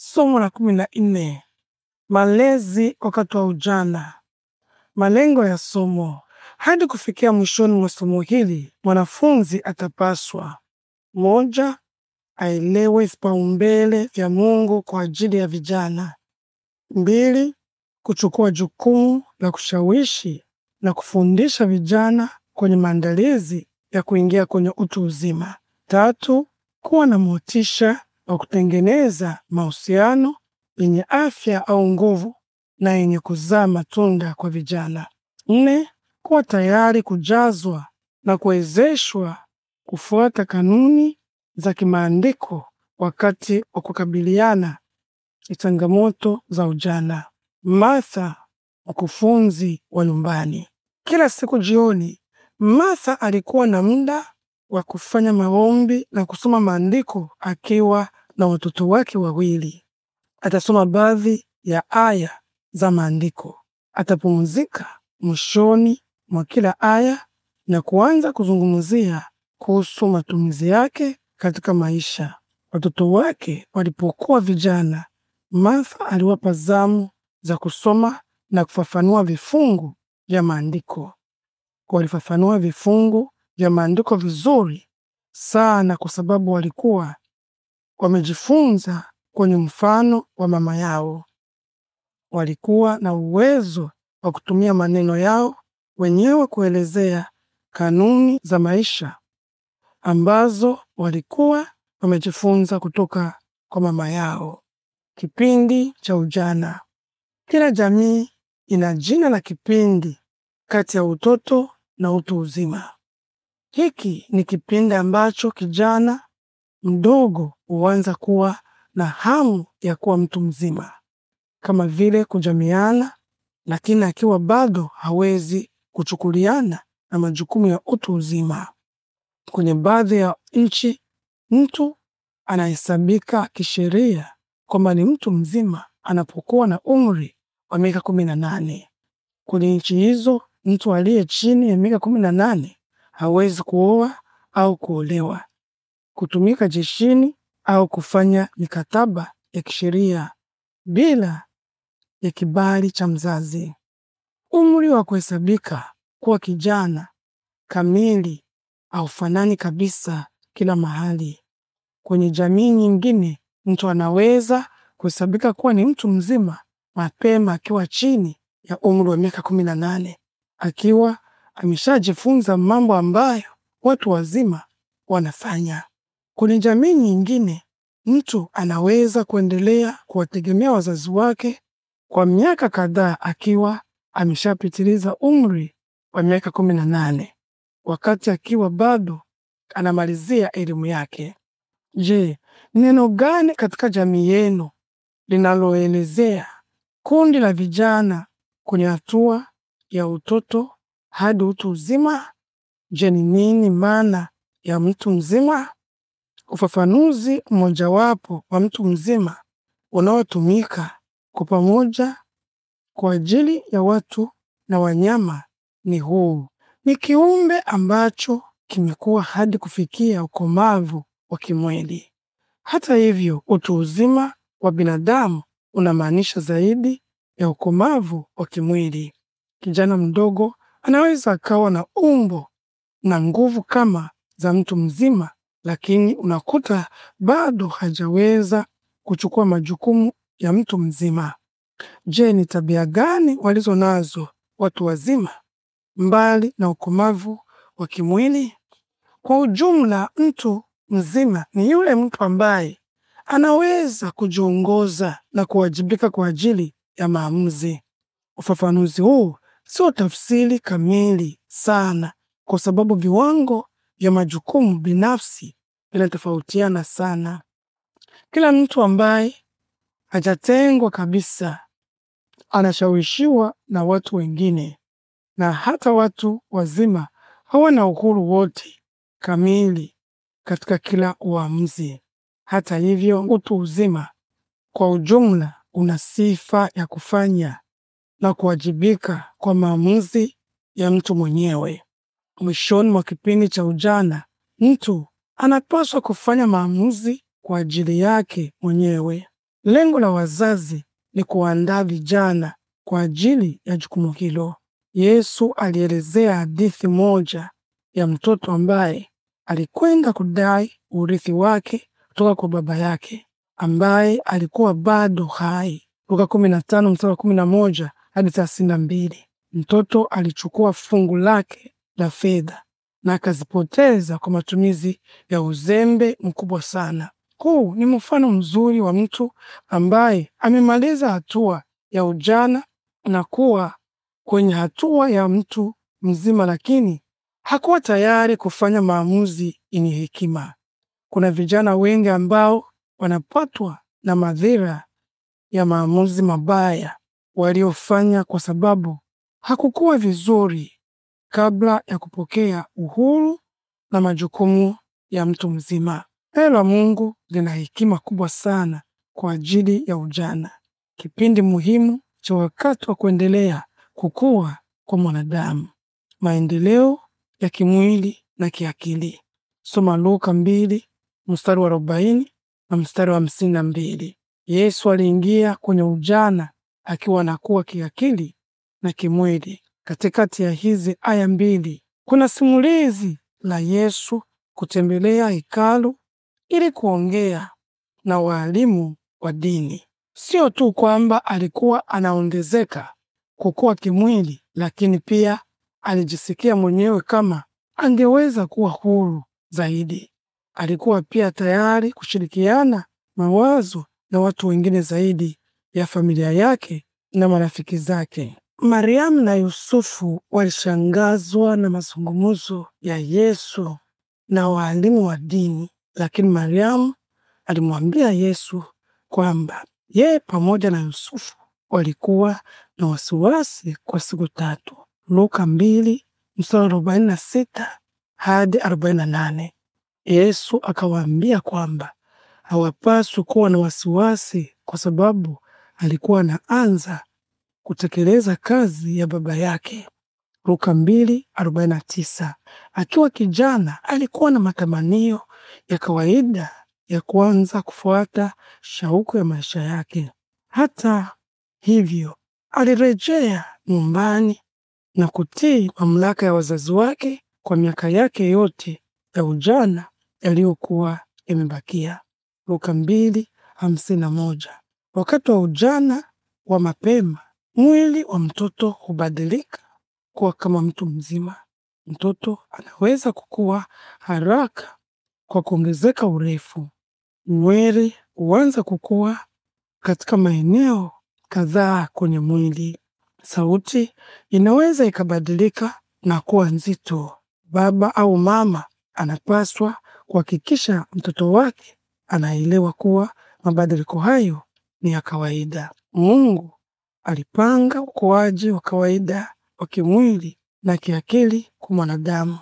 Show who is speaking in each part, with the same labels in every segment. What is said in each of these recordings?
Speaker 1: Somo la kumi na nne: malezi wakati wa ujana. Malengo ya somo: hadi kufikia mwishoni mwa somo hili, mwanafunzi atapaswa: moja, aelewe vipaumbele vya Mungu kwa ajili ya vijana; mbili, kuchukua jukumu la kushawishi na kufundisha vijana kwenye maandalizi ya kuingia kwenye utu uzima; tatu, kuwa na motisha wa kutengeneza mahusiano yenye afya au nguvu na yenye kuzaa matunda kwa vijana. Nne, kuwa tayari kujazwa na kuwezeshwa kufuata kanuni za kimaandiko wakati wa kukabiliana na changamoto za ujana. Martha, mkufunzi wa nyumbani. Kila siku jioni, Martha alikuwa na muda wa kufanya maombi na kusoma maandiko akiwa na watoto wake wawili. Atasoma baadhi ya aya za maandiko. Atapumzika mwishoni mwa kila aya na kuanza kuzungumzia kuhusu matumizi yake katika maisha. Watoto wake walipokuwa vijana, Martha aliwapa zamu za kusoma na kufafanua vifungu vya maandiko. Walifafanua vifungu vya maandiko vizuri sana, kwa sababu walikuwa wamejifunza kwenye mfano wa mama yao. Walikuwa na uwezo wa kutumia maneno yao wenyewe kuelezea kanuni za maisha ambazo walikuwa wamejifunza kutoka kwa mama yao. Kipindi cha ujana. Kila jamii ina jina la kipindi kati ya utoto na utu uzima. Hiki ni kipindi ambacho kijana mdogo huanza kuwa na hamu ya kuwa mtu mzima, kama vile kujamiana, lakini akiwa bado hawezi kuchukuliana na majukumu ya utu uzima. Kwenye baadhi ya nchi, mtu anahesabika kisheria kwamba ni mtu mzima anapokuwa na umri wa miaka kumi na nane. Kwenye nchi hizo, mtu aliye chini ya miaka kumi na nane hawezi kuoa au kuolewa kutumika jeshini au kufanya mikataba ya kisheria bila ya kibali cha mzazi. Umri wa kuhesabika kuwa kijana kamili haufanani kabisa kila mahali. Kwenye jamii nyingine, mtu anaweza kuhesabika kuwa ni mtu mzima mapema akiwa chini ya umri wa miaka kumi na nane akiwa ameshajifunza mambo ambayo watu wazima wanafanya. Kwenye jamii nyingine, mtu anaweza kuendelea kuwategemea wazazi wake kwa miaka kadhaa akiwa ameshapitiliza umri wa miaka kumi na nane wakati akiwa bado anamalizia elimu yake. Je, neno gani katika jamii yenu linaloelezea kundi la vijana kwenye hatua ya utoto hadi utu uzima? Je, ni nini maana ya mtu mzima? Ufafanuzi mmojawapo wa mtu mzima unaotumika kwa pamoja kwa ajili ya watu na wanyama ni huu: ni kiumbe ambacho kimekuwa hadi kufikia ukomavu wa kimwili. Hata hivyo, utu uzima wa binadamu unamaanisha zaidi ya ukomavu wa kimwili. Kijana mdogo anaweza akawa na umbo na nguvu kama za mtu mzima lakini unakuta bado hajaweza kuchukua majukumu ya mtu mzima. Je, ni tabia gani walizo nazo watu wazima mbali na ukomavu wa kimwili? Kwa ujumla, mtu mzima ni yule mtu ambaye anaweza kujiongoza na kuwajibika kwa ajili ya maamuzi. Ufafanuzi huu sio tafsiri kamili sana, kwa sababu viwango vya majukumu binafsi vinatofautiana sana. Kila mtu ambaye hajatengwa kabisa anashawishiwa na watu wengine, na hata watu wazima hawana uhuru wote kamili katika kila uamuzi. Hata hivyo, utu uzima kwa ujumla una sifa ya kufanya na kuwajibika kwa maamuzi ya mtu mwenyewe. Mwishoni mwa kipindi cha ujana, mtu anapaswa kufanya maamuzi kwa ajili yake mwenyewe. Lengo la wazazi ni kuandaa vijana kwa ajili ya jukumu hilo. Yesu alielezea hadithi moja ya mtoto ambaye alikwenda kudai urithi wake kutoka kwa baba yake ambaye alikuwa bado hai. Luka 15 mstari 11 hadi 32. Mtoto alichukua fungu lake la fedha na akazipoteza kwa matumizi ya uzembe mkubwa sana. Huu ni mfano mzuri wa mtu ambaye amemaliza hatua ya ujana na kuwa kwenye hatua ya mtu mzima, lakini hakuwa tayari kufanya maamuzi yenye hekima. Kuna vijana wengi ambao wanapatwa na madhira ya maamuzi mabaya waliofanya kwa sababu hakukuwa vizuri kabla ya kupokea uhuru na majukumu ya mtu mzima. Neno la Mungu lina hekima kubwa sana kwa ajili ya ujana, kipindi muhimu cha wakati wa kuendelea kukua kwa mwanadamu, maendeleo ya kimwili na kiakili. Soma Luka mbili mstari wa arobaini na mstari wa hamsini na mbili. Yesu aliingia kwenye ujana akiwa anakuwa kiakili na kimwili Katikati ya hizi aya mbili kuna simulizi la Yesu kutembelea hekalu ili kuongea na waalimu wa dini. Sio tu kwamba alikuwa anaongezeka kukua kimwili, lakini pia alijisikia mwenyewe kama angeweza kuwa huru zaidi. Alikuwa pia tayari kushirikiana mawazo na watu wengine zaidi ya familia yake na marafiki zake. Mariamu na Yusufu walishangazwa na mazungumzo ya Yesu na waalimu wa dini, lakini Mariamu alimwambia Yesu kwamba yeye pamoja na Yusufu walikuwa na wasiwasi kwa siku tatu. Luka mbili mstari arobaini na sita hadi arobaini na nane. Yesu akawaambia kwamba hawapaswi kuwa na wasiwasi kwa sababu alikuwa anaanza kutekeleza kazi ya baba yake. Luka 2:49. Akiwa kijana alikuwa na matamanio ya kawaida ya kuanza kufuata shauku ya maisha yake. Hata hivyo, alirejea nyumbani na kutii mamlaka ya wazazi wake kwa miaka yake yote ya ujana yaliyokuwa yamebakia. Luka 2:51. Wakati wa ujana wa mapema mwili wa mtoto hubadilika kuwa kama mtu mzima. Mtoto anaweza kukua haraka kwa kuongezeka urefu. Nywele huanza kukua katika maeneo kadhaa kwenye mwili. Sauti inaweza ikabadilika na kuwa nzito. Baba au mama anapaswa kuhakikisha mtoto wake anaelewa kuwa mabadiliko hayo ni ya kawaida. Mungu alipanga ukuaji wa kawaida wa kimwili na kiakili kwa mwanadamu.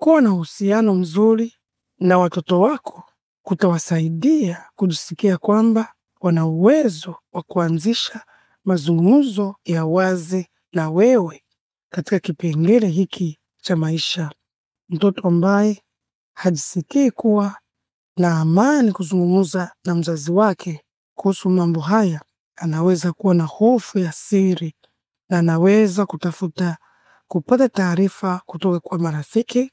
Speaker 1: Kuwa na uhusiano mzuri na watoto wako kutawasaidia kujisikia kwamba wana uwezo wa kuanzisha mazungumzo ya wazi na wewe katika kipengele hiki cha maisha. Mtoto ambaye hajisikii kuwa na amani kuzungumza na mzazi wake kuhusu mambo haya anaweza kuwa na hofu ya siri na anaweza kutafuta kupata taarifa kutoka kwa marafiki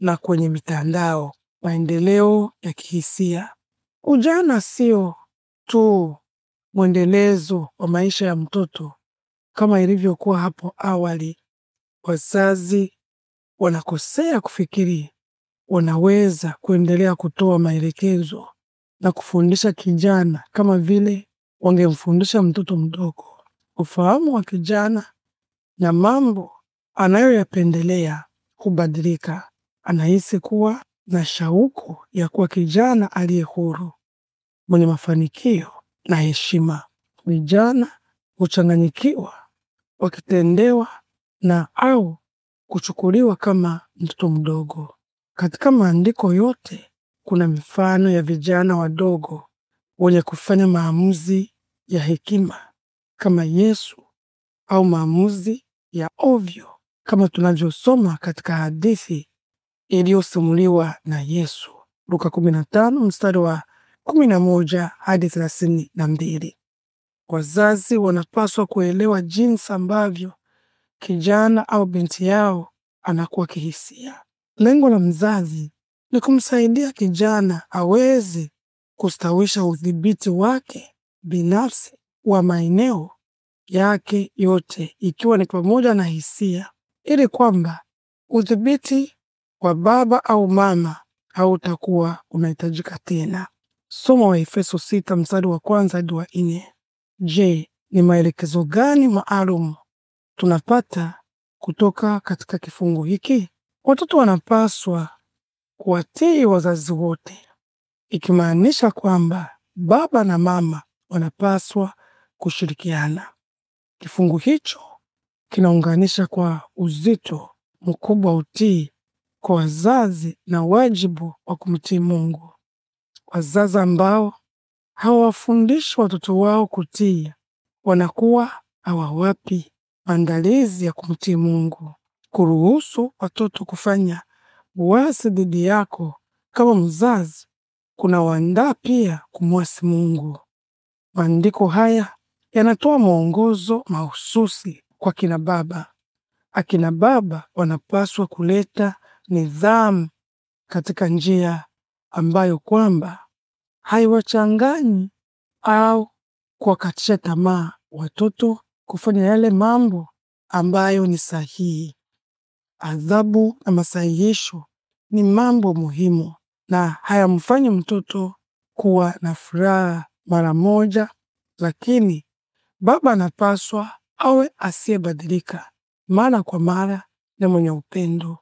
Speaker 1: na kwenye mitandao. Maendeleo ya kihisia. Ujana sio tu mwendelezo wa maisha ya mtoto kama ilivyokuwa hapo awali. Wazazi wanakosea kufikiri wanaweza kuendelea kutoa maelekezo na kufundisha kijana kama vile wangemfundisha mtoto mdogo ufahamu wa kijana na mambo anayoyapendelea hubadilika. Anahisi kuwa na shauku ya kuwa kijana aliye huru, mwenye mafanikio na heshima. Vijana huchanganyikiwa wakitendewa na au kuchukuliwa kama mtoto mdogo. Katika maandiko yote kuna mifano ya vijana wadogo wenye kufanya maamuzi ya hekima kama Yesu au maamuzi ya ovyo kama tunavyosoma katika hadithi iliyosimuliwa na Yesu Luka 15 mstari wa 11 hadi 32. Wazazi wanapaswa kuelewa jinsi ambavyo kijana au binti yao anakuwa kihisia. Lengo la mzazi ni kumsaidia kijana aweze kustawisha udhibiti wake binafsi wa maeneo yake yote ikiwa ni pamoja na hisia, ili kwamba udhibiti wa baba au mama hautakuwa unahitajika tena. Soma Efeso sita mstari wa kwanza hadi wa nne. Je, ni maelekezo gani maalum tunapata kutoka katika kifungu hiki? Watoto wanapaswa kuwatii wazazi wote ikimaanisha kwamba baba na mama wanapaswa kushirikiana. Kifungu hicho kinaunganisha kwa uzito mkubwa utii kwa wazazi na wajibu wa kumtii Mungu. Wazazi ambao hawawafundishi watoto wao kutii wanakuwa hawawapi maandalizi ya kumtii Mungu. Kuruhusu watoto kufanya uasi dhidi yako kama mzazi kuna wandaa pia kumwasi Mungu. Maandiko haya yanatoa mwongozo mahususi kwa kina baba. Akina baba wanapaswa kuleta nidhamu katika njia ambayo kwamba haiwachanganyi au kuwakatisha tamaa watoto kufanya yale mambo ambayo ni sahihi. Adhabu na masahihisho ni mambo muhimu na hayamfanyi mtoto kuwa na furaha mara moja, lakini baba anapaswa awe asiyebadilika mara kwa mara na mwenye upendo.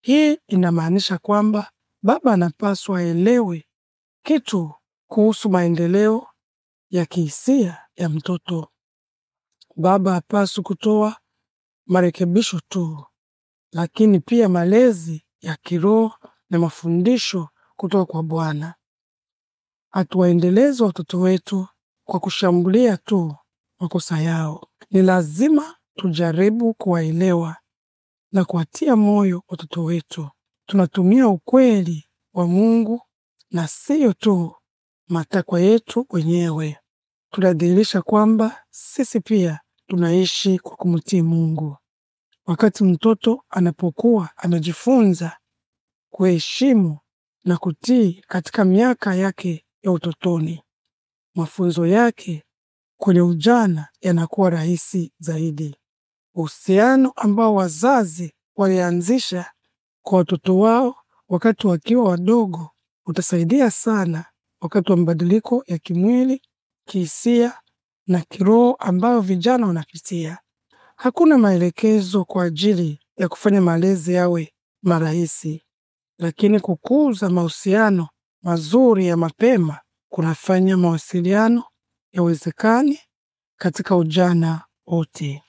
Speaker 1: Hii inamaanisha kwamba baba anapaswa aelewe kitu kuhusu maendeleo ya kihisia ya mtoto. Baba hapaswi kutoa marekebisho tu, lakini pia malezi ya kiroho na mafundisho kutoka kwa Bwana. Hatuwaendeleze watoto wetu kwa kushambulia tu makosa yao. Ni lazima tujaribu kuwaelewa na kuwatia moyo watoto wetu. Tunatumia ukweli wa Mungu na siyo tu matakwa yetu wenyewe. Tunadhihirisha kwamba sisi pia tunaishi kwa kumtii Mungu. Wakati mtoto anapokuwa anajifunza kuheshimu na kutii katika miaka yake ya utotoni. Mafunzo yake kwenye ujana yanakuwa rahisi zaidi. Uhusiano ambao wazazi walianzisha kwa watoto wao wakati wakiwa wadogo utasaidia sana wakati wa mabadiliko ya kimwili, kihisia na kiroho ambayo vijana wanapitia. Hakuna maelekezo kwa ajili ya kufanya malezi yawe marahisi lakini kukuza mahusiano mazuri ya mapema kunafanya mawasiliano yawezekane katika ujana wote.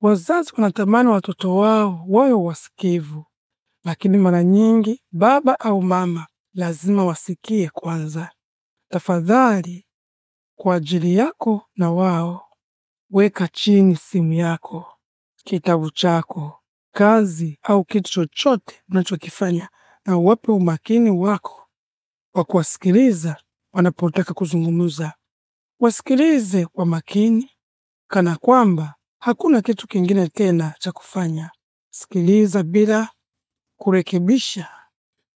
Speaker 1: Wazazi wanatamani watoto wao wawe wasikivu, lakini mara nyingi baba au mama lazima wasikie kwanza. Tafadhali, kwa ajili yako na wao, weka chini simu yako, kitabu chako kazi au kitu chochote unachokifanya, na uwape umakini wako wa kuwasikiliza wanapotaka kuzungumza. Wasikilize kwa makini, kana kwamba hakuna kitu kingine tena cha kufanya. Sikiliza bila kurekebisha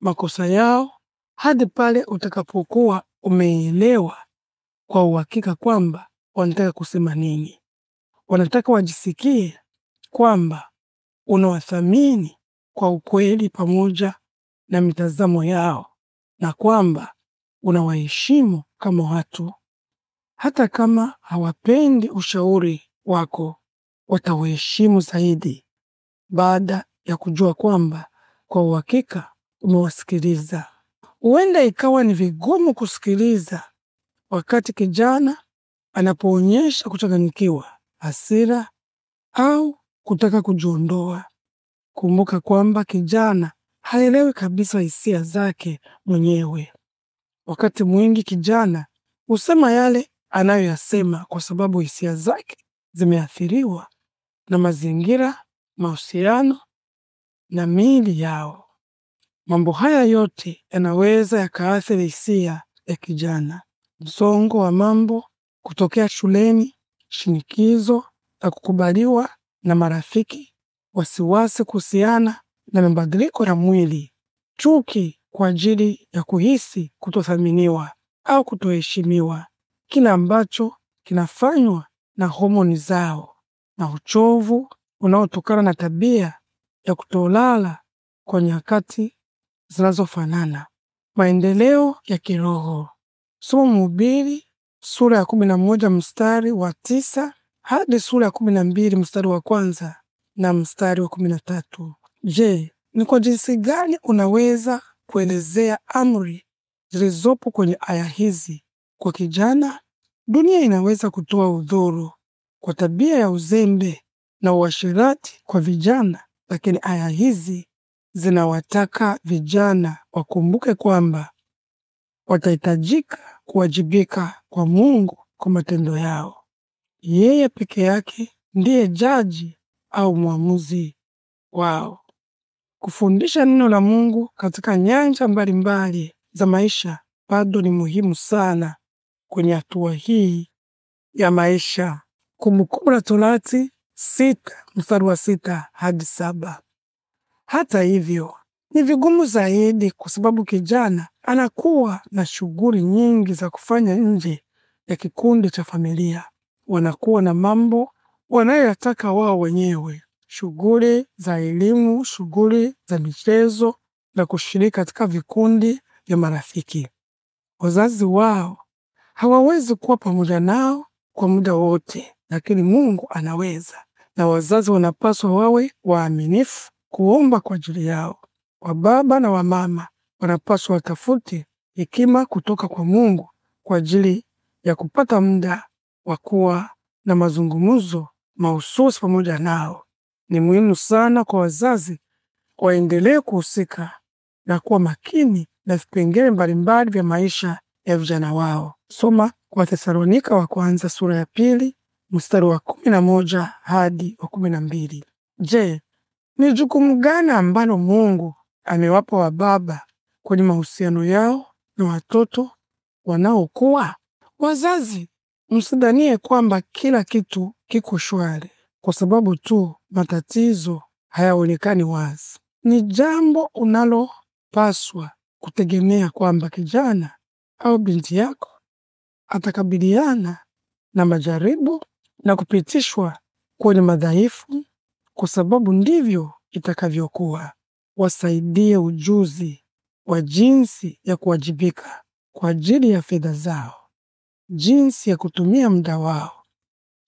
Speaker 1: makosa yao hadi pale utakapokuwa umeelewa kwa uhakika kwamba wanataka kusema nini. Wanataka wajisikie kwamba unawathamini kwa ukweli pamoja na mitazamo yao na kwamba unawaheshimu kama watu. Hata kama hawapendi ushauri wako, watawaheshimu zaidi baada ya kujua kwamba kwa uhakika umewasikiliza. Huenda ikawa ni vigumu kusikiliza wakati kijana anapoonyesha kuchanganyikiwa, hasira au kutaka kujiondoa. Kumbuka kwamba kijana haelewi kabisa hisia zake mwenyewe. Wakati mwingi kijana husema yale anayoyasema kwa sababu hisia zake zimeathiriwa na mazingira, mahusiano na miili yao. Mambo haya yote yanaweza yakaathiri hisia ya kijana. Msongo wa mambo kutokea shuleni, shinikizo la kukubaliwa na marafiki, wasiwasi kuhusiana na mabadiliko ya mwili, chuki kwa ajili ya kuhisi kutothaminiwa au kutoheshimiwa, kile ambacho kinafanywa na homoni zao, na uchovu unaotokana na tabia ya kutolala kwa nyakati zinazofanana. Maendeleo ya kiroho. Somo Mhubiri sura ya moja mstari wa tisa hadi sura ya kumi na mbili mstari wa kwanza na mstari wa kumi na tatu. Je, ni kwa jinsi gani unaweza kuelezea amri zilizopo kwenye aya hizi kwa kijana? Dunia inaweza kutoa udhuru kwa tabia ya uzembe na uasherati kwa vijana, lakini aya hizi zinawataka vijana wakumbuke kwamba watahitajika kuwajibika kwa Mungu kwa matendo yao. Yeye peke yake ndiye jaji au mwamuzi wao. Kufundisha neno la Mungu katika nyanja mbalimbali za maisha bado ni muhimu sana kwenye hatua hii ya maisha. Kumbukumbu la Torati sita mstari wa sita hadi saba. Hata hivyo ni vigumu zaidi kwa sababu kijana anakuwa na shughuli nyingi za kufanya nje ya kikundi cha familia wanakuwa na mambo wanayoyataka wao wenyewe, shughuli za elimu, shughuli za michezo na kushiriki katika vikundi vya marafiki. Wazazi wao hawawezi kuwa pamoja nao kwa muda wote, lakini Mungu anaweza, na wazazi wanapaswa wawe waaminifu kuomba kwa ajili yao. Wababa na wamama wanapaswa watafute hekima kutoka kwa Mungu kwa ajili ya kupata muda wa kuwa na mazungumzo mahususi pamoja nao. Ni muhimu sana kwa wazazi waendelee kuhusika na kuwa makini na vipengele mbalimbali vya maisha ya vijana wao. Soma kwa Thesalonika wa kwanza sura ya pili mstari wa kumi na moja hadi wa kumi na mbili. Je, ni jukumu gani ambalo Mungu amewapa wa baba kwenye mahusiano yao na watoto wanaokuwa? Wazazi Msidhanie kwamba kila kitu kiko shwari kwa sababu tu matatizo hayaonekani wazi. Ni jambo unalopaswa kutegemea kwamba kijana au binti yako atakabiliana na majaribu na kupitishwa kwenye madhaifu, kwa sababu ndivyo itakavyokuwa. Wasaidie ujuzi wa jinsi ya kuwajibika kwa ajili ya fedha zao jinsi ya kutumia muda wao,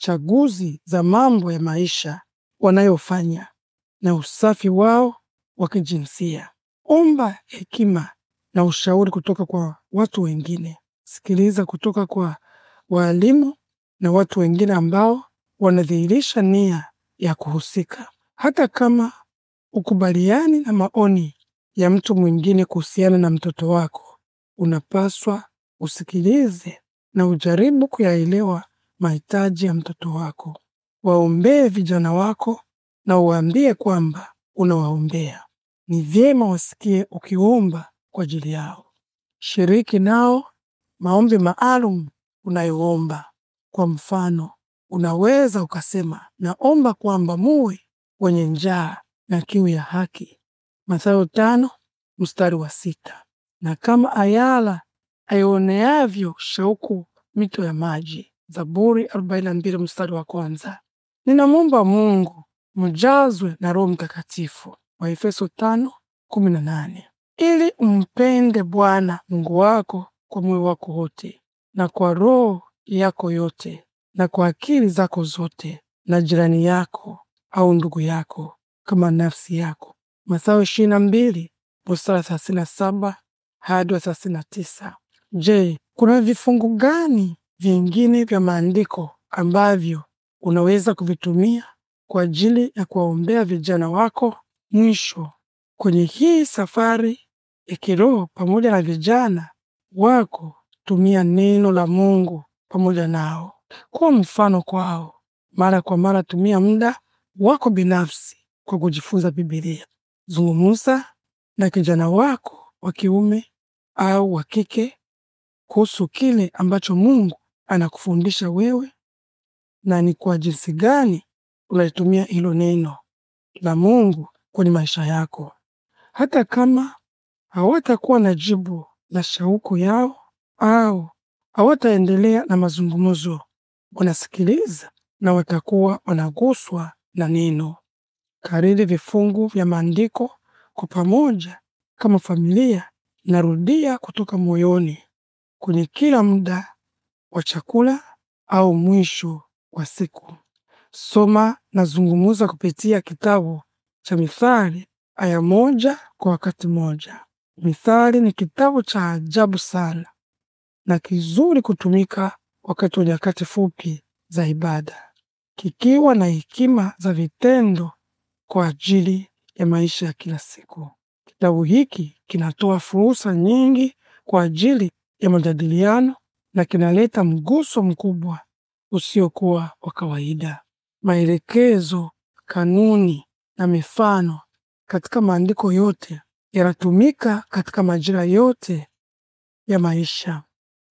Speaker 1: chaguzi za mambo ya maisha wanayofanya na usafi wao wa kijinsia. Omba hekima na ushauri kutoka kwa watu wengine. Sikiliza kutoka kwa waalimu na watu wengine ambao wanadhihirisha nia ya kuhusika, hata kama ukubaliani na maoni ya mtu mwingine kuhusiana na mtoto wako, unapaswa usikilize na ujaribu kuyaelewa mahitaji ya mtoto wako. Waombee vijana wako na uwaambie kwamba unawaombea. Ni vyema wasikie ukiomba kwa ajili yao. Shiriki nao maombi maalum unayoomba. Kwa mfano, unaweza ukasema, naomba kwamba muwe wenye njaa na kiu ya haki, Mathayo tano mstari wa sita. Na kama ayala aioneavyo shauku mito ya maji. Zaburi 42 mstari wa kwanza. Ninamwomba Mungu mjazwe na Roho Mtakatifu, Waefeso 5:18, ili umpende Bwana Mungu wako kwa moyo wako wote na kwa roho yako yote na kwa akili zako zote, na jirani yako au ndugu yako kama nafsi yako. Mathayo 22 mstari 37 hadi 39. Je, kuna vifungu gani vingine vya maandiko ambavyo unaweza kuvitumia kwa ajili ya kuwaombea vijana wako? Mwisho, kwenye hii safari ya kiroho pamoja na vijana wako, tumia neno la Mungu pamoja nao, kuwa mfano kwao. Mara kwa mara tumia muda wako binafsi kwa kujifunza Biblia. Zungumza na kijana wako wa kiume au wa kike kuhusu kile ambacho Mungu anakufundisha wewe na ni kwa jinsi gani unalitumia hilo neno la Mungu kwenye maisha yako. Hata kama hawatakuwa na jibu la shauku yao au hawataendelea na mazungumzo, wanasikiliza na watakuwa wanaguswa na neno. Kariri vifungu vya maandiko kwa pamoja kama familia, narudia kutoka moyoni kwenye kila muda wa chakula au mwisho wa siku. Soma na zungumuza kupitia kitabu cha Mithali aya moja kwa wakati moja. Mithali ni kitabu cha ajabu sana na kizuri kutumika wakati wa nyakati fupi za ibada, kikiwa na hekima za vitendo kwa ajili ya maisha ya kila siku. Kitabu hiki kinatoa fursa nyingi kwa ajili ya majadiliano na kinaleta mguso mkubwa usiokuwa wa kawaida. Maelekezo, kanuni na mifano katika maandiko yote yanatumika katika majira yote ya maisha.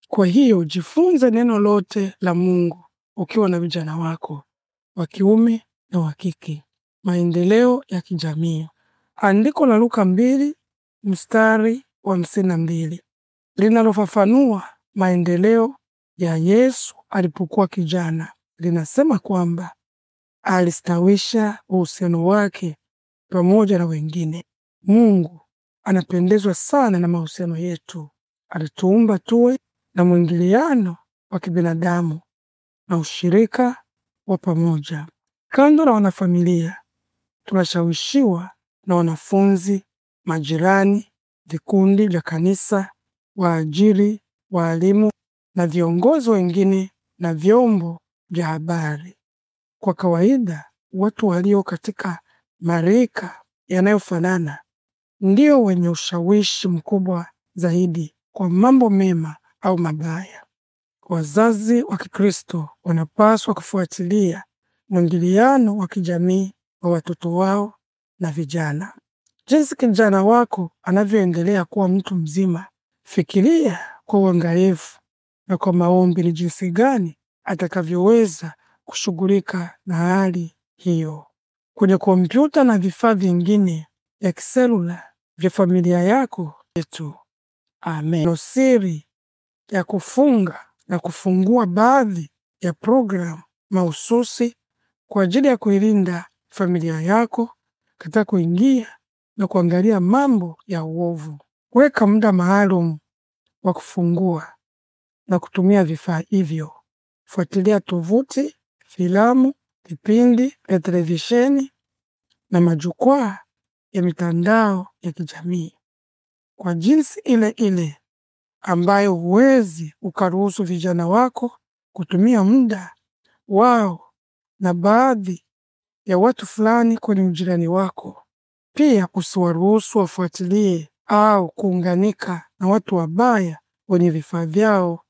Speaker 1: Kwa hiyo jifunze neno lote la Mungu ukiwa na vijana wako wa kiume na wa kike. Maendeleo ya kijamii. Andiko la Luka mbili mstari wa hamsini na mbili linalofafanua maendeleo ya Yesu alipokuwa kijana linasema kwamba alistawisha uhusiano wake pamoja na wengine. Mungu anapendezwa sana na mahusiano yetu. Alituumba tuwe na mwingiliano wa kibinadamu na ushirika wa pamoja. Kando na wanafamilia, tunashawishiwa na wanafunzi, majirani, vikundi vya kanisa waajiri, waalimu na viongozi wengine na vyombo vya habari. Kwa kawaida, watu walio katika marika yanayofanana ndio wenye ushawishi mkubwa zaidi kwa mambo mema au mabaya. Wazazi wa Kikristo wanapaswa kufuatilia mwingiliano wa kijamii wa watoto wao na vijana. Jinsi kijana wako anavyoendelea kuwa mtu mzima Fikiria kwa uangalifu na kwa maombi ni jinsi gani atakavyoweza kushughulika na hali hiyo. Kwenye kompyuta na vifaa vingine vya kiselula vya familia yako yetu. Amen. Nosiri ya kufunga na kufungua baadhi ya programu mahususi kwa ajili ya kuilinda familia yako katika kuingia na kuangalia mambo ya uovu. Weka muda maalum wa kufungua na kutumia vifaa hivyo. Fuatilia tovuti, filamu, vipindi vya televisheni na majukwaa ya mitandao ya kijamii kwa jinsi ile ile ambayo huwezi ukaruhusu vijana wako kutumia muda wao na baadhi ya watu fulani kwenye ujirani wako. Pia usiwaruhusu wafuatilie au kuunganika na watu wabaya wenye vifaa vyao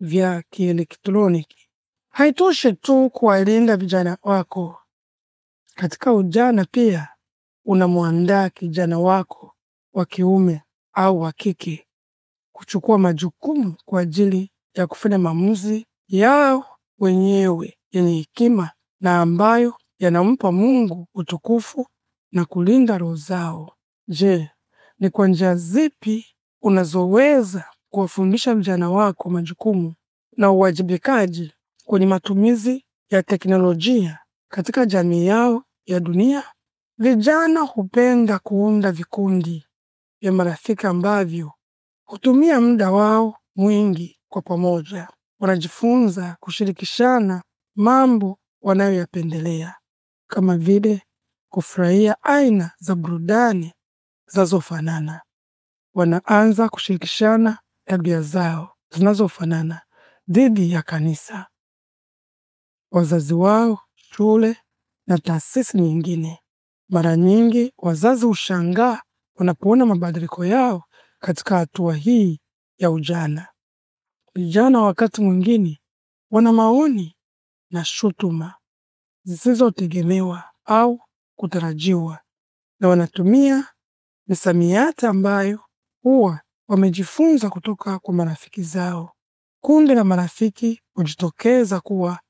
Speaker 1: vya kielektroniki. Haitoshi tu kuwalinda vijana wako, katika ujana pia unamwandaa kijana wako wa kiume au wa kike kuchukua majukumu kwa ajili ya kufanya maamuzi yao wenyewe yenye hekima na ambayo yanampa Mungu utukufu na kulinda roho zao. Je, ni kwa njia zipi unazoweza kuwafundisha vijana wako majukumu na uwajibikaji kwenye matumizi ya teknolojia katika jamii yao ya dunia. Vijana hupenda kuunda vikundi vya marafiki ambavyo hutumia muda wao mwingi kwa pamoja. Wanajifunza kushirikishana mambo wanayoyapendelea kama vile kufurahia aina za burudani zinazofanana, wanaanza kushirikishana tabia zao zinazofanana dhidi ya kanisa, wazazi wao, shule na taasisi nyingine. Mara nyingi wazazi hushangaa wanapoona mabadiliko yao katika hatua hii ya ujana. Vijana wakati mwingine wana maoni na shutuma zisizotegemewa au kutarajiwa na wanatumia misamiati ambayo huwa wamejifunza kutoka kwa marafiki zao. Kundi la marafiki hujitokeza kuwa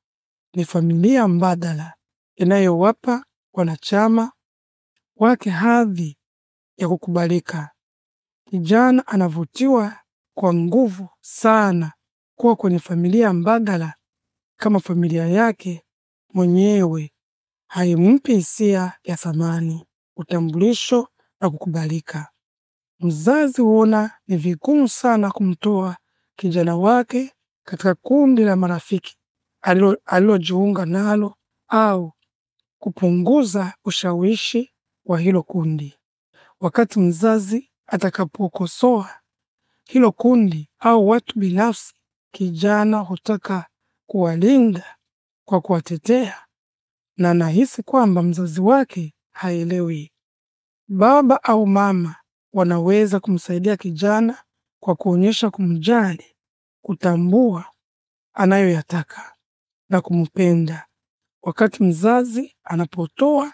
Speaker 1: ni familia mbadala inayowapa wanachama wake hadhi ya kukubalika. Kijana anavutiwa kwa nguvu sana kuwa kwenye familia mbadala kama familia yake mwenyewe haimpi hisia ya thamani, utambulisho na kukubalika. Mzazi huona ni vigumu sana kumtoa kijana wake katika kundi la marafiki alilojiunga nalo au kupunguza ushawishi wa hilo kundi. Wakati mzazi atakapokosoa hilo kundi au watu binafsi, kijana hutaka kuwalinda kwa kuwatetea na anahisi kwamba mzazi wake haelewi. Baba au mama wanaweza kumsaidia kijana kwa kuonyesha kumjali, kutambua anayoyataka na kumpenda, wakati mzazi anapotoa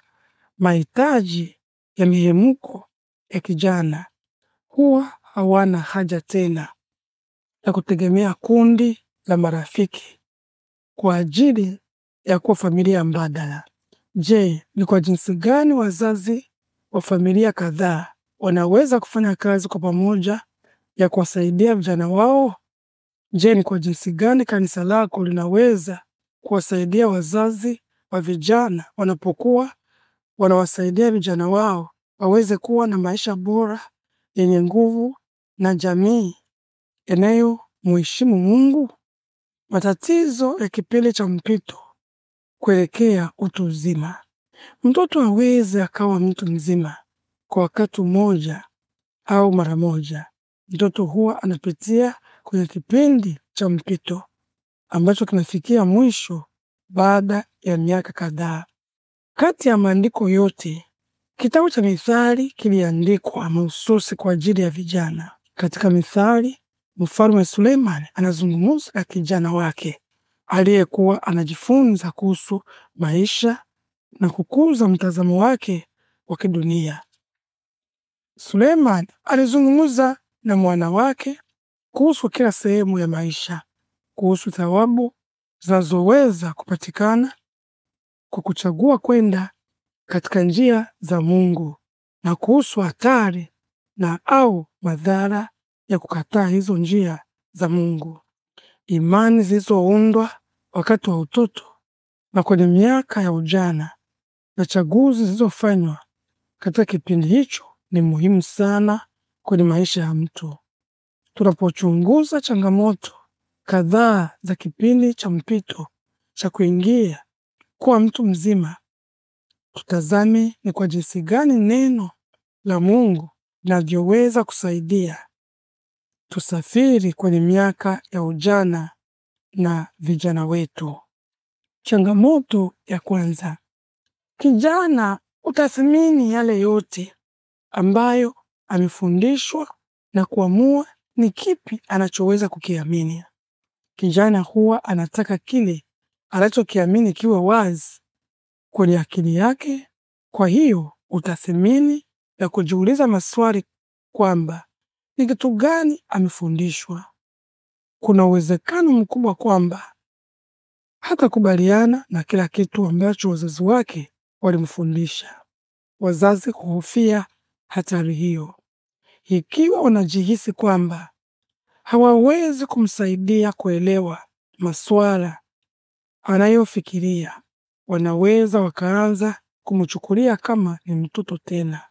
Speaker 1: mahitaji ya mihemko ya kijana, huwa hawana haja tena ya kutegemea kundi la marafiki kwa ajili ya kuwa familia mbadala. Je, ni kwa jinsi gani wazazi wa familia kadhaa wanaweza kufanya kazi kwa pamoja ya kuwasaidia vijana wao? Je, ni kwa jinsi gani kanisa lako linaweza kuwasaidia wazazi wa vijana wanapokuwa wanawasaidia vijana wao waweze kuwa na maisha bora yenye nguvu na jamii inayomheshimu Mungu? Matatizo ya kipindi cha mpito kuelekea utu uzima. Mtoto aweza akawa mtu mzima kwa wakati mmoja au mara moja. Mtoto huwa anapitia kwenye kipindi cha mpito ambacho kinafikia mwisho baada ya miaka kadhaa. Kati ya maandiko yote, kitabu cha Mithali kiliandikwa mahususi kwa ajili ya vijana. Katika Mithali, mfalme Suleimani anazungumza na kijana wake aliyekuwa anajifunza kuhusu maisha na kukuza mtazamo wake wa kidunia. Suleiman alizungumza na mwana wake kuhusu kila sehemu ya maisha, kuhusu thawabu zinazoweza kupatikana kwa kuchagua kwenda katika njia za Mungu na kuhusu hatari na au madhara ya kukataa hizo njia za Mungu. Imani zilizoundwa wakati wa utoto na kwenye miaka ya ujana na chaguzi zilizofanywa katika kipindi hicho ni muhimu sana kwenye maisha ya mtu. Tunapochunguza changamoto kadhaa za kipindi cha mpito cha kuingia kuwa mtu mzima, tutazame ni kwa jinsi gani neno la Mungu linavyoweza kusaidia tusafiri kwenye miaka ya ujana na vijana wetu. Changamoto ya kwanza: kijana utathmini yale yote ambayo amefundishwa na kuamua ni kipi anachoweza kukiamini. Kijana huwa anataka kile anachokiamini kiwe wazi kwenye akili yake. Kwa hiyo utathmini na kujiuliza maswali kwamba ni kitu gani amefundishwa. Kuna uwezekano mkubwa kwamba hatakubaliana na kila kitu ambacho wazazi wake walimfundisha. Wazazi kuhofia hatari hiyo, ikiwa wanajihisi kwamba hawawezi kumsaidia kuelewa masuala anayofikiria, wanaweza wakaanza kumchukulia kama ni mtoto tena,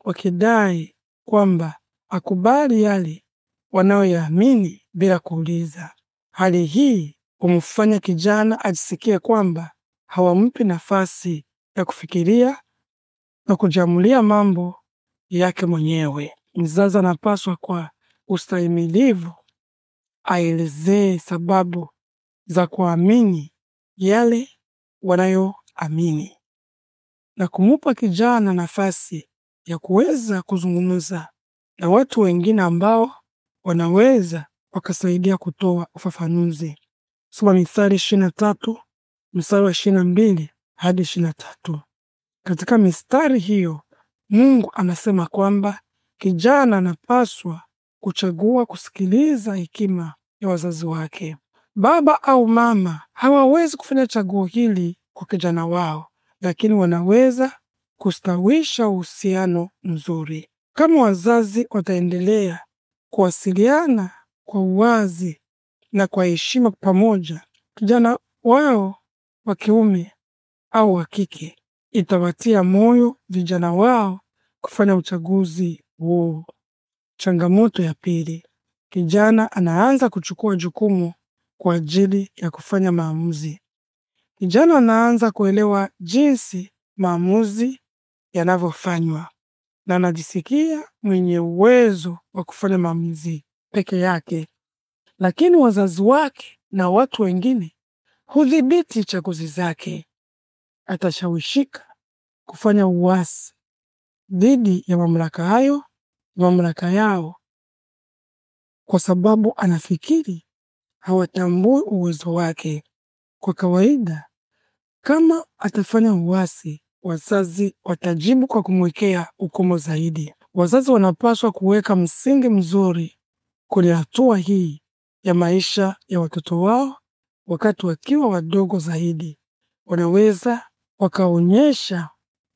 Speaker 1: wakidai kwamba akubali yale wanayoyaamini bila kuuliza. Hali hii humfanya kijana ajisikie kwamba hawampi nafasi ya kufikiria na kujamulia mambo yake mwenyewe. Mzazi anapaswa kwa ustahimilivu aelezee sababu za kuamini yale wanayoamini na kumupa kijana nafasi ya kuweza kuzungumza na watu wengine ambao wanaweza wakasaidia kutoa ufafanuzi. Soma Mithali 23 mstari wa 22 hadi ishirini na tatu. Katika mistari hiyo Mungu anasema kwamba kijana anapaswa kuchagua kusikiliza hekima ya wazazi wake. Baba au mama hawawezi kufanya chaguo hili kwa kijana wao, lakini wanaweza kustawisha uhusiano mzuri kama wazazi wataendelea kuwasiliana kwa uwazi na kwa heshima pamoja. Kijana wao wa kiume au wa kike itawatia moyo vijana wao kufanya uchaguzi huo. Changamoto ya pili, kijana anaanza kuchukua jukumu kwa ajili ya kufanya maamuzi. Kijana anaanza kuelewa jinsi maamuzi yanavyofanywa na anajisikia mwenye uwezo wa kufanya maamuzi peke yake, lakini wazazi wake na watu wengine hudhibiti chaguzi zake atashawishika kufanya uasi dhidi ya mamlaka hayo mamlaka yao, kwa sababu anafikiri hawatambui uwezo wake. Kwa kawaida, kama atafanya uasi, wazazi watajibu kwa kumwekea ukomo zaidi. Wazazi wanapaswa kuweka msingi mzuri kwenye hatua hii ya maisha ya watoto wao wakati wakiwa wadogo zaidi. Wanaweza wakaonyesha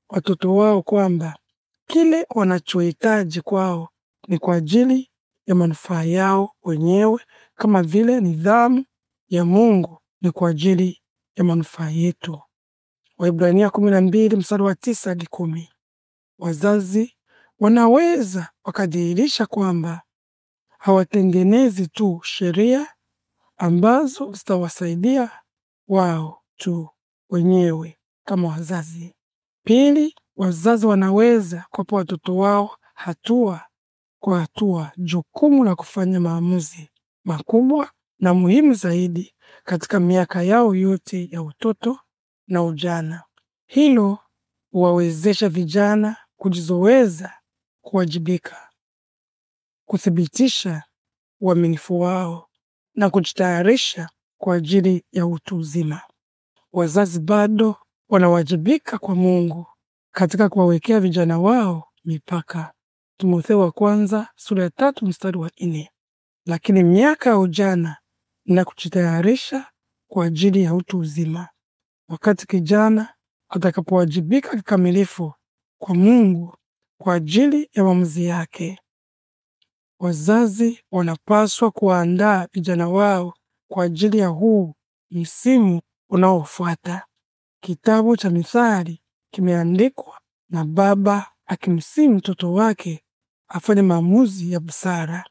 Speaker 1: watoto wao kwamba kile wanachohitaji kwao ni kwa ajili ya manufaa yao wenyewe, kama vile nidhamu ya Mungu ni kwa ajili ya manufaa yetu. Waibrania 12 mstari wa 9 hadi 10. Wazazi wanaweza wakadhihirisha kwamba hawatengenezi tu sheria ambazo zitawasaidia wao tu wenyewe kama wazazi. Pili, wazazi wanaweza kuwapa watoto wao hatua kwa hatua jukumu la kufanya maamuzi makubwa na muhimu zaidi katika miaka yao yote ya utoto na ujana. Hilo huwawezesha vijana kujizoweza, kuwajibika, kuthibitisha uaminifu wao na kujitayarisha kwa ajili ya utu uzima. Wazazi bado wanawajibika kwa Mungu katika kuwawekea vijana wao mipaka. Timotheo wa kwanza sura ya tatu mstari wa nne. Lakini miaka ya ujana na kujitayarisha kwa ajili ya utu uzima, wakati kijana atakapowajibika kikamilifu kwa Mungu kwa ajili ya maamuzi yake. Wazazi wanapaswa kuandaa vijana wao kwa ajili ya huu msimu unaofuata. Kitabu cha Mithali kimeandikwa na baba akimsii mtoto wake afanye maamuzi ya busara.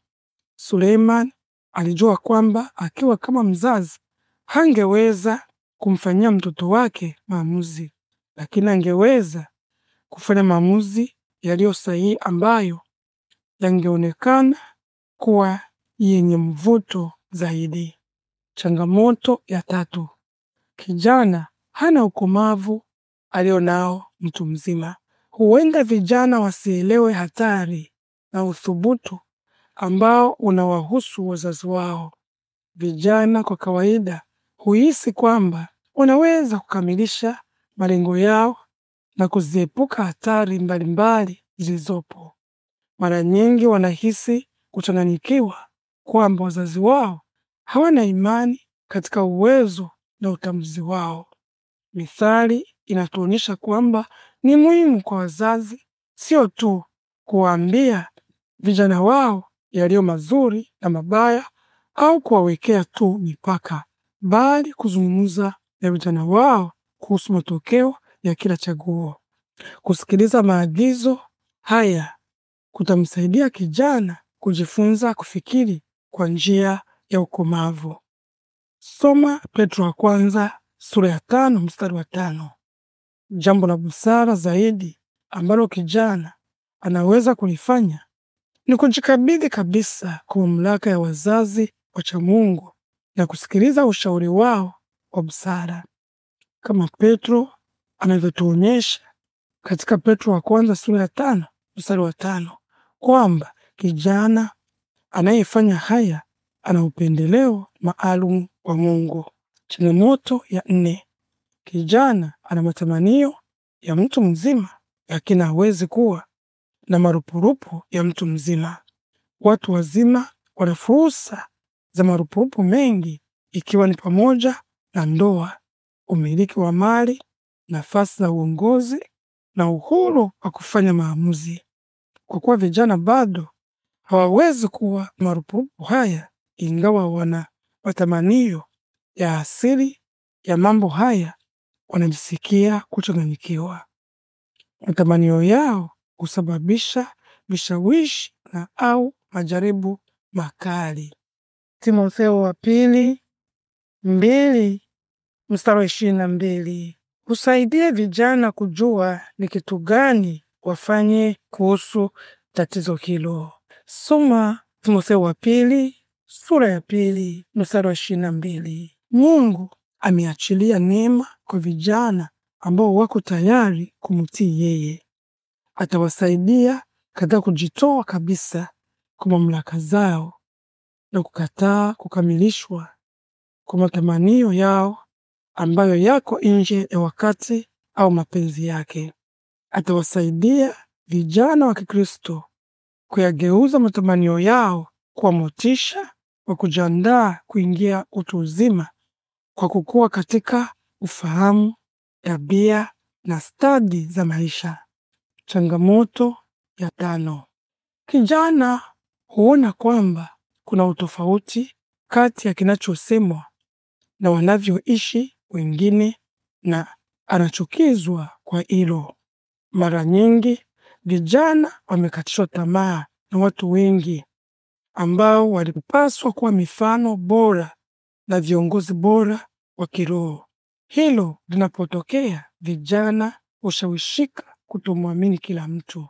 Speaker 1: Suleiman alijua kwamba akiwa kama mzazi hangeweza kumfanyia mtoto wake maamuzi, lakini angeweza kufanya maamuzi yaliyo sahihi ambayo yangeonekana kuwa yenye mvuto zaidi. Changamoto ya tatu: kijana hana ukomavu alionao mtu mzima. Huenda vijana wasielewe hatari na uthubutu ambao unawahusu wazazi wao. Vijana kwa kawaida huhisi kwamba wanaweza kukamilisha malengo yao na kuziepuka hatari mbalimbali zilizopo. Mara nyingi wanahisi kuchanganyikiwa kwamba wazazi wao hawana imani katika uwezo na utambuzi wao. Mithali inatuonyesha kwamba ni muhimu kwa wazazi sio tu kuwaambia vijana wao yaliyo mazuri na mabaya au kuwawekea tu mipaka, bali kuzungumza na vijana wao kuhusu matokeo ya kila chaguo. Kusikiliza maagizo haya kutamsaidia kijana kujifunza kufikiri kwa njia ya ukomavu. Soma Petro wa kwanza sura ya tano mstari wa tano. Jambo la busara zaidi ambalo kijana anaweza kulifanya ni kujikabidhi kabisa kwa mamlaka ya wazazi cha Mungu na kusikiliza ushauri wao wa busara kama Petro anavyotuonyesha katika Petro wa kwanza sura ya tano mstari wa tano kwamba kijana anayefanya haya ana upendeleo maalum wa Mungu. Changamoto ya nne, kijana ana matamanio ya mtu mzima, lakini hawezi kuwa na marupurupu ya mtu mzima. Watu wazima wana fursa za marupurupu mengi, ikiwa ni pamoja na ndoa, umiliki wa mali, nafasi za uongozi na uhuru wa kufanya maamuzi. Kwa kuwa vijana bado hawawezi kuwa marupurupu haya, ingawa wana matamanio ya asili ya mambo haya wanajisikia kuchanganyikiwa. Matamanio yao husababisha vishawishi na au majaribu makali. Timotheo wa pili mbili mstari wa ishirini na mbili husaidia vijana kujua ni kitu gani wafanye kuhusu tatizo hilo. Soma Timotheo wa pili sura ya pili mstari wa ishirini na mbili. Mungu ameachilia neema kwa vijana ambao wako tayari kumtii yeye. Atawasaidia katika kujitoa kabisa kwa mamlaka zao na kukataa kukamilishwa kwa matamanio yao ambayo yako nje ya wakati au mapenzi yake. Atawasaidia vijana wa Kikristo kuyageuza matamanio yao kwa motisha wa kujiandaa kuingia utu uzima kwa kukua katika ufahamu, tabia na stadi za maisha. Changamoto ya tano, kijana huona kwamba kuna utofauti kati ya kinachosemwa na wanavyoishi wengine na anachukizwa kwa hilo. Mara nyingi vijana wamekatishwa tamaa na watu wengi ambao walipaswa kuwa mifano bora na viongozi bora wa kiroho. Hilo linapotokea, vijana hushawishika kutomwamini kila mtu.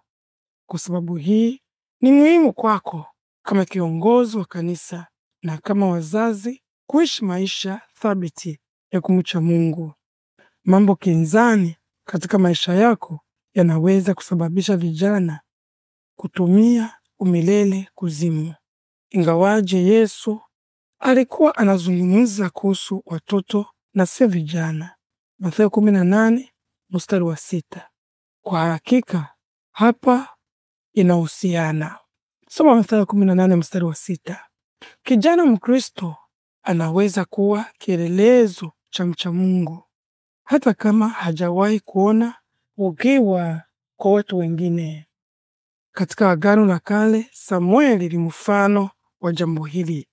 Speaker 1: Kwa sababu hii, ni muhimu kwako kama kiongozi wa kanisa na kama wazazi kuishi maisha thabiti ya kumcha Mungu. Mambo kinzani katika maisha yako yanaweza kusababisha vijana kutumia umilele kuzimu. Ingawaje Yesu alikuwa anazungumza kuhusu watoto na sio vijana. Mathayo 18 mstari wa sita. Kwa hakika hapa inahusiana. Soma Mathayo 18 mstari wa sita. Kijana Mkristo anaweza kuwa kielelezo cha mcha Mungu hata kama hajawahi kuona ukiwa kwa watu wengine. Katika Agano la Kale, Samueli ni mfano wa jambo hili.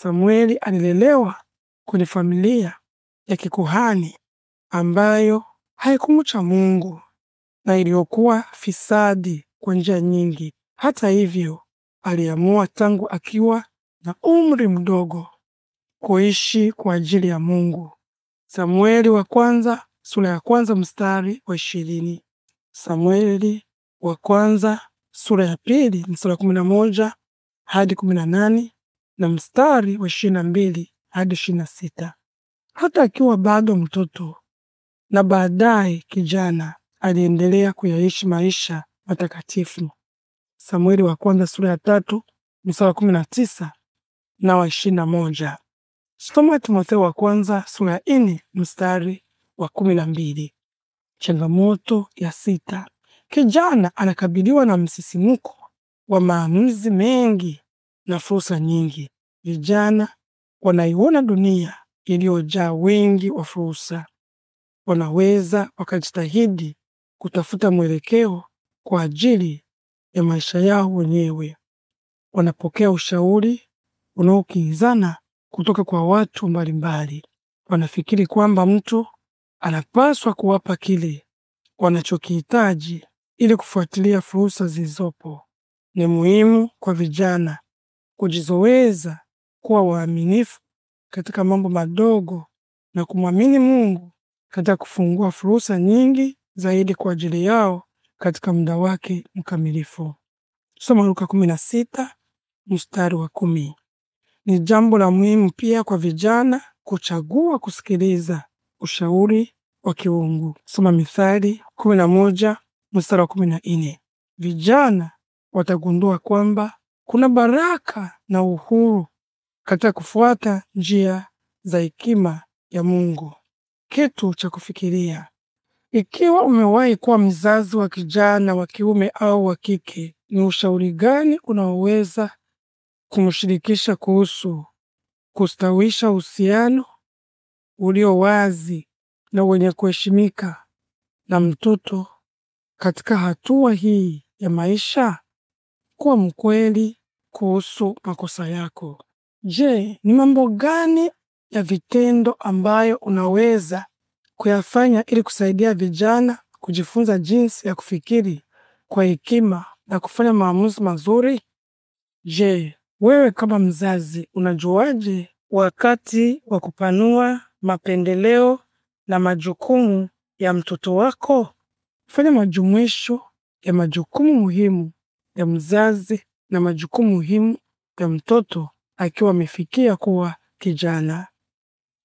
Speaker 1: Samueli alilelewa kwenye familia ya kikuhani ambayo haikumcha Mungu na iliyokuwa fisadi kwa njia nyingi. Hata hivyo, aliamua tangu akiwa na umri mdogo kuishi kwa ajili ya Mungu. Samueli wa kwanza sura ya kwanza mstari wa ishirini. Samueli wa kwanza sura ya pili mstari wa kumi na moja hadi kumi na nane na mstari wa ishirini mbili hadi ishirini sita. Hata akiwa bado mtoto na baadaye kijana, aliendelea kuyaishi maisha matakatifu. Samueli wa kwanza sura ya tatu mstari wa kumi na tisa na wa ishirini na moja. Soma Timotheo wa kwanza sura ya nne mstari wa kumi na mbili. Changamoto ya sita: kijana anakabiliwa na msisimuko wa maamuzi mengi na fursa nyingi. Vijana wanaiona dunia iliyojaa wengi wa fursa, wanaweza wakajitahidi kutafuta mwelekeo kwa ajili ya maisha yao wenyewe. Wanapokea ushauri unaokinzana kutoka kwa watu mbalimbali. Wanafikiri kwamba mtu anapaswa kuwapa kile wanachokihitaji ili kufuatilia fursa zilizopo. Ni muhimu kwa vijana kujizoweza kuwa waaminifu katika mambo madogo na kumwamini Mungu katika kufungua fursa nyingi zaidi kwa ajili yao katika muda wake mkamilifu. Soma Luka 16 mstari wa kumi. Ni jambo la muhimu pia kwa vijana kuchagua kusikiliza ushauri wa kiungu. Soma Mithali 11 mstari wa 14. Vijana watagundua kwamba kuna baraka na uhuru katika kufuata njia za hekima ya Mungu. Kitu cha kufikiria: ikiwa umewahi kuwa mzazi wa kijana wa kiume au wa kike, ni ushauri gani unaoweza kumshirikisha kuhusu kustawisha uhusiano ulio wazi na wenye kuheshimika na mtoto katika hatua hii ya maisha? Kuwa mkweli kuhusu makosa yako. Je, ni mambo gani ya vitendo ambayo unaweza kuyafanya ili kusaidia vijana kujifunza jinsi ya kufikiri kwa hekima na kufanya maamuzi mazuri? Je, wewe kama mzazi unajuaje wakati wa kupanua mapendeleo na majukumu ya mtoto wako? Fanya majumuisho ya majukumu muhimu ya mzazi na majukumu muhimu ya mtoto akiwa amefikia kuwa kijana.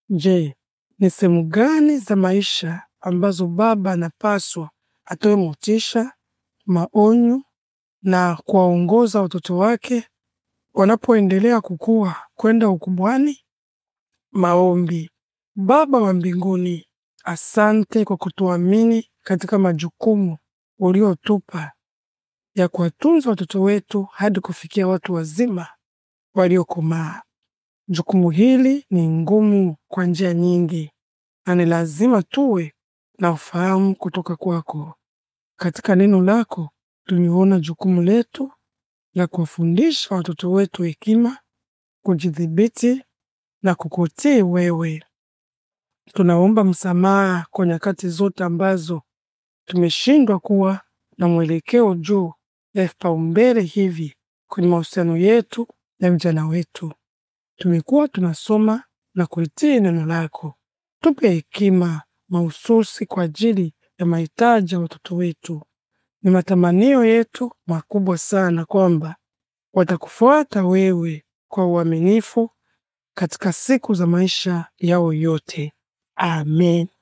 Speaker 1: Je, ni sehemu gani za maisha ambazo baba anapaswa atoe motisha, maonyo na kuwaongoza watoto wake wanapoendelea kukua kwenda ukubwani? Maombi. Baba wa mbinguni, asante kwa kutuamini katika majukumu uliotupa ya kuwatunza watoto wetu hadi kufikia watu wazima waliokomaa. Jukumu hili ni ngumu kwa njia nyingi, na ni lazima tuwe na ufahamu kutoka kwako. Katika neno lako tuliona jukumu letu la kuwafundisha watoto wetu hekima, kujidhibiti na kukutii wewe. Tunaomba msamaha kwa nyakati zote ambazo tumeshindwa kuwa na mwelekeo juu ya vipaumbele hivi kwenye mahusiano yetu na vijana wetu. Tumekuwa tunasoma na kulitii neno lako, tupe hekima mahususi kwa ajili ya mahitaji ya watoto wetu. Ni matamanio yetu makubwa sana kwamba watakufuata wewe kwa uaminifu katika siku za maisha yao yote. Amen.